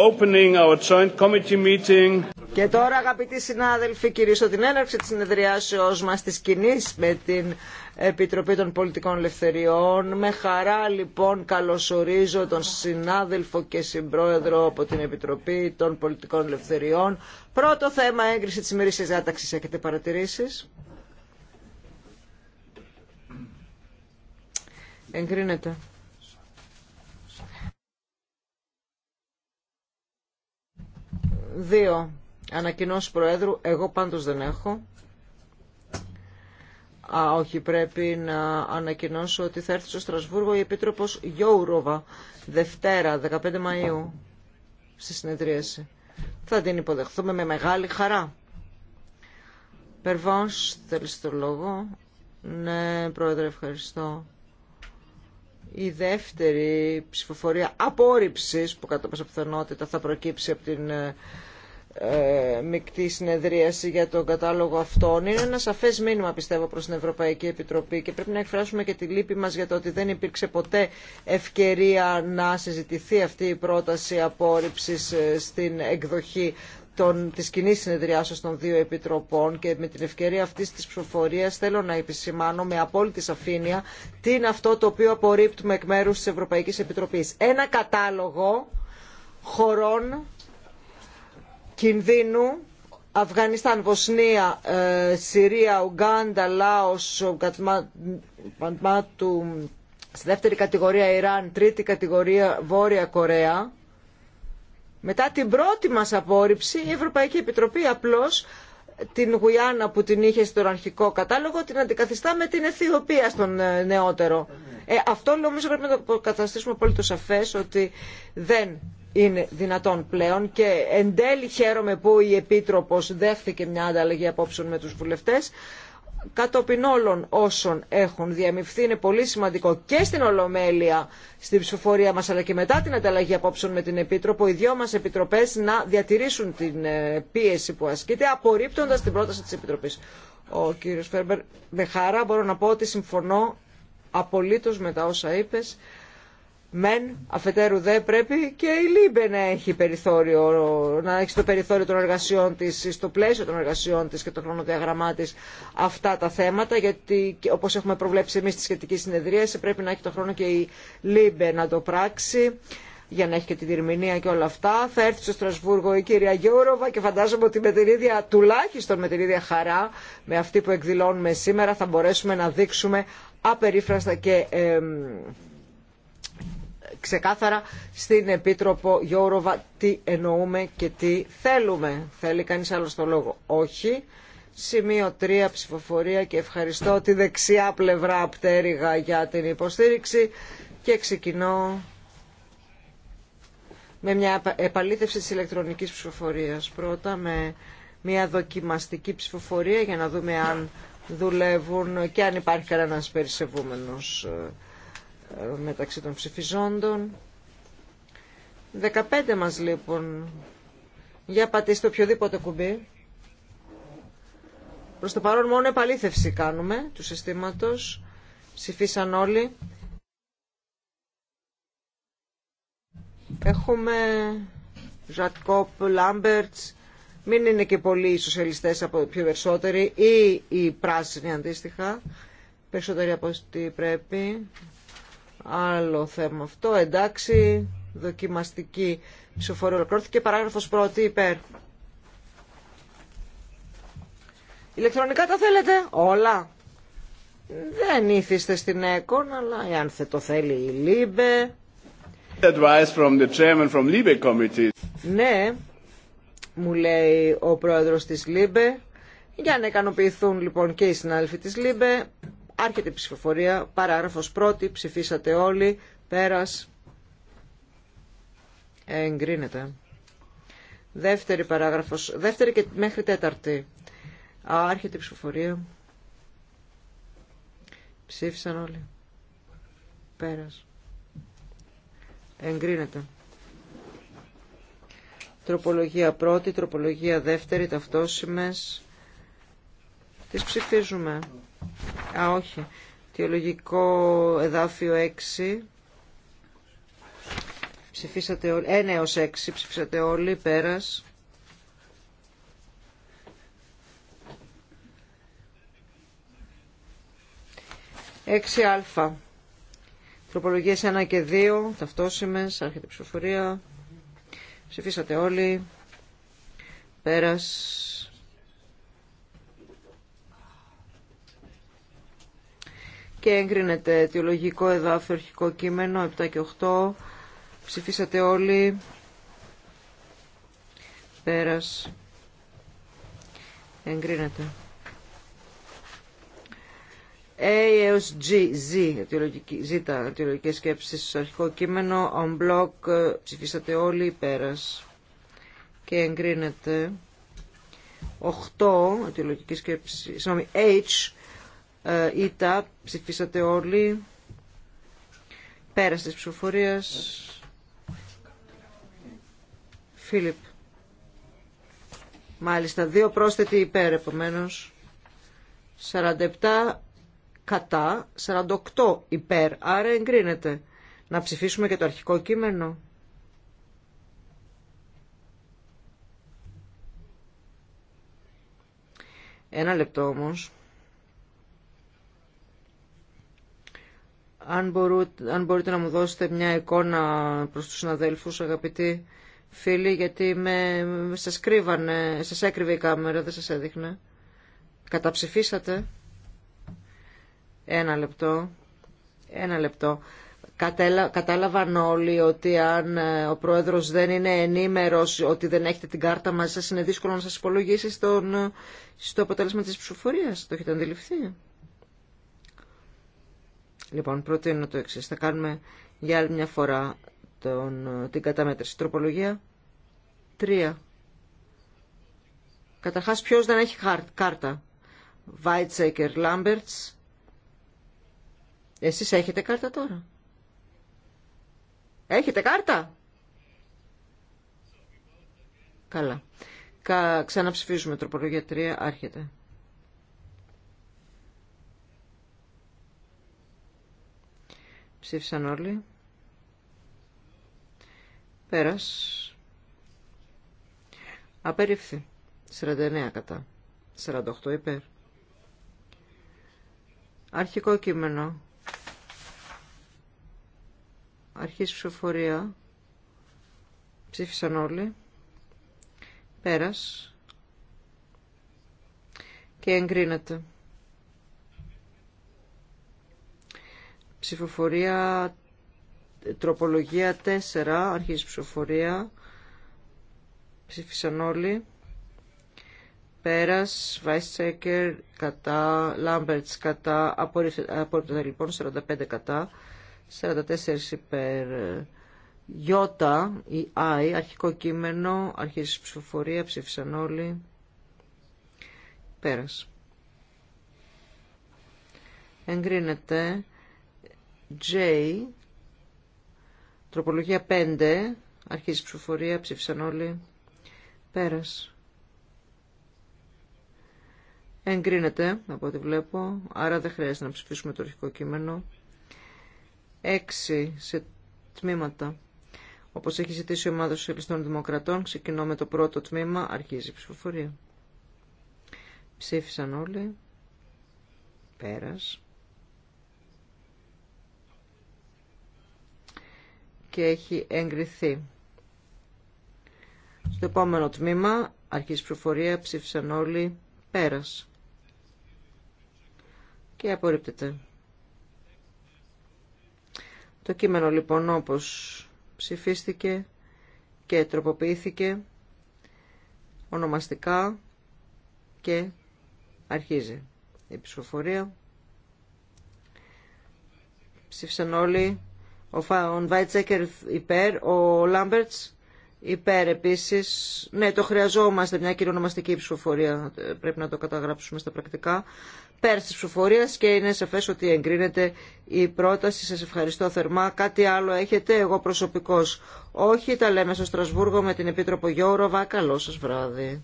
Opening our joint committee meeting. Και τώρα αγαπητοί συνάδελφοι κυρίσω την έναρξη της συνεδριάσεως μας της κοινή με την Επιτροπή των Πολιτικών Ελευθεριών. Με χαρά λοιπόν καλωσορίζω τον συνάδελφο και συμπρόεδρο από την Επιτροπή των Πολιτικών Ελευθεριών. Πρώτο θέμα έγκριση της ημερής διάταξης. Έχετε παρατηρήσεις. Εγκρίνεται. Δύο ανακοινώσει Προέδρου, εγώ πάντως δεν έχω. Α, όχι, πρέπει να ανακοινώσω ότι θα έρθει στο Στρασβούργο η Επίτροπος Γιώουροβα, Δευτέρα, 15 Μαΐου, στη συνεδρίαση. Θα την υποδεχθούμε με μεγάλη χαρά. Περβάνς, θέλεις το λόγο. Ναι, Πρόεδρε, ευχαριστώ η δεύτερη ψηφοφορία απόρριψης που κατά πάσα πιθανότητα θα προκύψει από την ε, ε, μεικτή συνεδρίαση για τον κατάλογο αυτών. Είναι ένα σαφές μήνυμα πιστεύω προς την Ευρωπαϊκή Επιτροπή και πρέπει να εκφράσουμε και τη λύπη μας για το ότι δεν υπήρξε ποτέ ευκαιρία να συζητηθεί αυτή η πρόταση απόρριψης ε, στην εκδοχή Τη της κοινή συνεδριάσεω των δύο επιτροπών και με την ευκαιρία αυτής της ψηφοφορίας θέλω να επισημάνω με απόλυτη σαφήνεια τι είναι αυτό το οποίο απορρίπτουμε εκ μέρου τη Ευρωπαϊκή Επιτροπής. Ένα κατάλογο χωρών κινδύνου Αφγανιστάν, Βοσνία, ε, Συρία, Ουγγάντα, Λάος, Παντμάτου, στη δεύτερη κατηγορία Ιράν, τρίτη κατηγορία Βόρεια Κορέα μετά την πρώτη μας απόρριψη η Ευρωπαϊκή Επιτροπή απλώς την Γουιάννα που την είχε στον αρχικό κατάλογο την αντικαθιστά με την Αιθιοπία στον ε, νεότερο. Ε, αυτό νομίζω πρέπει να το καταστήσουμε πολύ το σαφές ότι δεν είναι δυνατόν πλέον και εν τέλει χαίρομαι που η Επίτροπος δέχθηκε μια ανταλλαγή απόψεων με τους βουλευτές κατόπιν όλων όσων έχουν διαμειφθεί είναι πολύ σημαντικό και στην Ολομέλεια, στην ψηφοφορία μας αλλά και μετά την ανταλλαγή απόψεων με την Επίτροπο οι δυο μας επιτροπές να διατηρήσουν την ε, πίεση που ασκείται απορρίπτοντας την πρόταση της Επιτροπής. Ο κύριος Φέρμπερ, με χαρά μπορώ να πω ότι συμφωνώ απολύτως με τα όσα είπες μεν, αφετέρου δε πρέπει και η Λίμπε να έχει, περιθώριο, να έχει στο περιθώριο των εργασιών της, στο πλαίσιο των εργασιών της και των χρονοδιαγραμμά τη αυτά τα θέματα, γιατί όπως έχουμε προβλέψει εμείς στη σχετική συνεδρία, πρέπει να έχει το χρόνο και η Λίμπε να το πράξει για να έχει και τη διερμηνία και όλα αυτά. Θα έρθει στο Στρασβούργο η κυρία Γιώροβα και φαντάζομαι ότι με την ίδια, τουλάχιστον με την ίδια χαρά, με αυτή που εκδηλώνουμε σήμερα, θα μπορέσουμε να δείξουμε απερίφραστα και ξεκάθαρα στην Επίτροπο Γιώροβα τι εννοούμε και τι θέλουμε. Θέλει κανείς άλλο το λόγο. Όχι. Σημείο 3 ψηφοφορία και ευχαριστώ τη δεξιά πλευρά πτέρυγα για την υποστήριξη και ξεκινώ με μια επαλήθευση της ηλεκτρονικής ψηφοφορίας. Πρώτα με μια δοκιμαστική ψηφοφορία για να δούμε αν δουλεύουν και αν υπάρχει κανένας περισεβούμενος. Ε, ε, μεταξύ των ψηφιζόντων. 15 μας λοιπόν. Για πατήστε οποιοδήποτε κουμπί. Προς το παρόν μόνο επαλήθευση κάνουμε του συστήματος. Ψηφίσαν όλοι. Έχουμε Ζατκόπ, Λάμπερτς, μην είναι και πολλοί οι σοσιαλιστές από πιο περισσότεροι ή οι πράσινοι αντίστοιχα. Περισσότεροι από ό,τι πρέπει άλλο θέμα αυτό. Εντάξει, δοκιμαστική ψηφοφορία ολοκληρώθηκε. Παράγραφος πρώτη υπέρ. Ηλεκτρονικά τα θέλετε όλα. Δεν ήθιστε στην ΕΚΟΝ, αλλά εάν θε το θέλει η ΛΥΜΠΕ. Ναι, μου λέει ο πρόεδρος της ΛΥΜΠΕ. Για να ικανοποιηθούν λοιπόν και οι συνάδελφοι της ΛΥΜΠΕ, Άρχεται η ψηφοφορία, παράγραφος πρώτη, ψηφίσατε όλοι, πέρας, εγκρίνεται. Δεύτερη παράγραφος, δεύτερη και μέχρι τέταρτη. Άρχεται η ψηφοφορία. Ψήφισαν όλοι. Πέρας. Εγκρίνεται. Τροπολογία πρώτη, τροπολογία δεύτερη, ταυτόσημες. Τις ψηφίζουμε. Α, όχι. Τεολογικό εδάφιο 6. Ψηφίσατε όλοι. 1 έως 6 ψηφίσατε όλοι. Πέρας. 6 α. Τροπολογίες 1 και 2. Ταυτόσημες. Άρχεται η ψηφοφορία. Ψηφίσατε όλοι. Πέρας. και εγκρίνεται αιτιολογικό εδάφιο αρχικό κείμενο 7 και 8 ψηφίσατε όλοι πέρας εγκρίνεται A έως G, Z, Z, αιτιολογικές σκέψεις, αρχικό κείμενο, on block, ψηφίσατε όλοι, πέρας και εγκρίνεται. 8, αιτιολογική σκέψη, συγγνώμη, H, Ητά ε, ψηφίσατε όλοι πέρασε της ψηφοφορίας Φίλιπ μάλιστα δύο πρόσθετοι υπέρ επομένως 47 κατά 48 υπέρ άρα εγκρίνεται να ψηφίσουμε και το αρχικό κείμενο ένα λεπτό όμως αν, μπορούτε, αν μπορείτε να μου δώσετε μια εικόνα προς τους συναδέλφους, αγαπητοί φίλοι, γιατί με, σας κρύβανε, σας έκρυβε η κάμερα, δεν σας έδειχνε. Καταψηφίσατε. Ένα λεπτό. Ένα λεπτό. Κατέλα, κατάλαβαν όλοι ότι αν ε, ο πρόεδρος δεν είναι ενήμερος ότι δεν έχετε την κάρτα μαζί σας, είναι δύσκολο να σας υπολογίσει στον, ε, στο αποτέλεσμα της ψηφοφορίας. Το έχετε αντιληφθεί. Λοιπόν, προτείνω το εξή. Θα κάνουμε για άλλη μια φορά τον, την καταμέτρηση. Τροπολογία 3. Καταρχάς ποιος δεν έχει κάρτα. Βάιτσέκερ Λάμπερτς. Εσείς έχετε κάρτα τώρα. Έχετε κάρτα. Καλά. Κα... Ξαναψηφίζουμε τροπολογία 3. Άρχεται. Ψήφισαν όλοι. Πέρας. Απερίφθη. 49 κατά. 48 υπέρ. Αρχικό κείμενο. Αρχής ψηφοφορία. Ψήφισαν όλοι. Πέρας. Και εγκρίνεται. Ψηφοφορία τροπολογία 4, αρχίζει ψηφοφορία. Ψήφισαν όλοι. Πέρας, Βάιστσέκερ κατά, Λάμπερτς κατά, απόρριπτα λοιπόν 45 κατά, 44 υπέρ. Γιώτα ή Άι, αρχικό κείμενο, αρχίζει ψηφοφορία, ψήφισαν όλοι. Πέρας. Εγκρίνεται J, τροπολογία 5, αρχίζει η ψηφοφορία, ψήφισαν όλοι, πέρας. Εγκρίνεται, από ό,τι βλέπω, άρα δεν χρειάζεται να ψηφίσουμε το αρχικό κείμενο. 6 σε τμήματα. Όπως έχει ζητήσει η ομάδα Σοσιαλιστών Δημοκρατών, ξεκινώ με το πρώτο τμήμα, αρχίζει η ψηφοφορία. Ψήφισαν όλοι. Πέρας. και έχει εγκριθεί. Στο επόμενο τμήμα, αρχής προφορία, ψήφισαν όλοι, πέρας. Και απορρίπτεται. Το κείμενο λοιπόν όπως ψηφίστηκε και τροποποιήθηκε ονομαστικά και αρχίζει η ψηφοφορία. Ψήφισαν όλοι ο Φάουν Βάιτσέκερ υπέρ, ο Λάμπερτ υπέρ επίσης. Ναι, το χρειαζόμαστε μια κυριονομαστική ψηφοφορία, ε, πρέπει να το καταγράψουμε στα πρακτικά. Πέρ τη ψηφοφορίας και είναι σαφέ ότι εγκρίνεται η πρόταση. Σας ευχαριστώ θερμά. Κάτι άλλο έχετε, εγώ προσωπικός. Όχι, τα λέμε στο Στρασβούργο με την Επίτροπο Γιώργο. Καλό σα βράδυ.